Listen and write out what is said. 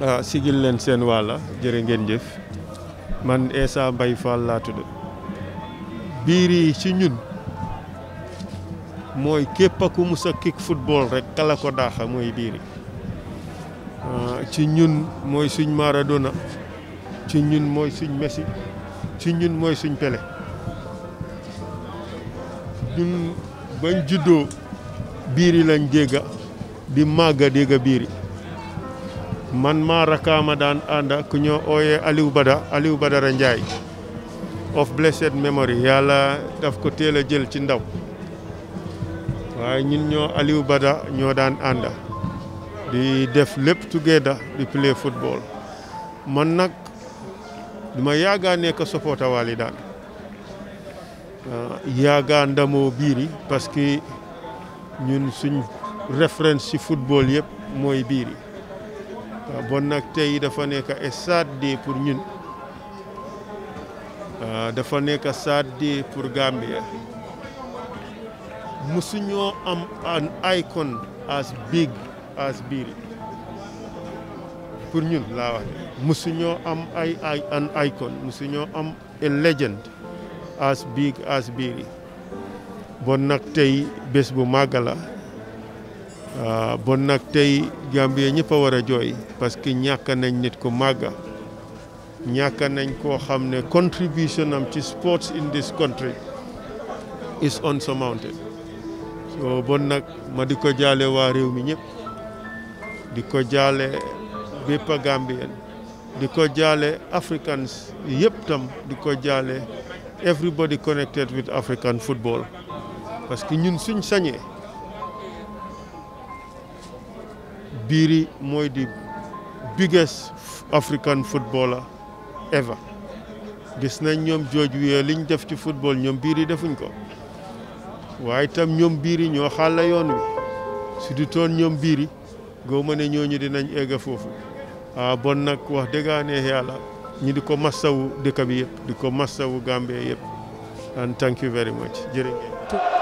waaw ah, sigil len sen wala jere ngeen jef man esa bay Fall la tudd biri ci ñun moy kep ak kick football rek kala ko daaxa moy biri ah, ci ñun moy suñ Maradona ci ñun moy suñ Messi ci ñun moy suñ Pelé ñun bañ juddoo biri lañ dégga di maga dégga biri man ma rakama dan anda kunyo oye aliou bada aliou badara ndjay of blessed memory yalla daf ko tela jël ci ndaw waye ñun ñoo aliou bada ñoo dan anda di def lepp together di play football man nak duma yaga ne ko supporta daan ah, yaga ndamo biri parce que ñun suñ référence ci football yépp moy biri Euh, bon nag tey dafa nekk stade pour ñun euh, dafa nekk stade de pour Gambia musuñoo am an icon as big as Biri pour ñun laa wax musuñoo am ay ay an icon musuñoo am a legend as big as Biri bon nag tey bés bu màgg la Ah, bon nak tay Gambie ñepp wara joy parce que ñak nañ nit ko maga ñak nañ ko xamne contribution am ci sports in this country is on so bon nak ma diko jale wa rew mi ñepp diko jale bepp Gambien Africans yep tam diko jale everybody connected with African football parce que ñun suñ sañé Biri mooy di biggest African footballer ever gis nañ ñoom George Weah liñ def ci football ñoom biiri defuñ ko waaye itam ñoom biiri ñoo xàlla yoon wi su du toon ñoom Biri goo ma ne ñooñu dinañ egg foofu ah bon nag wax dëggaanee yàlla ñu di ko massawu dëkk bi yëpp di ko massawu Gambie yëpp and thank you very much jërë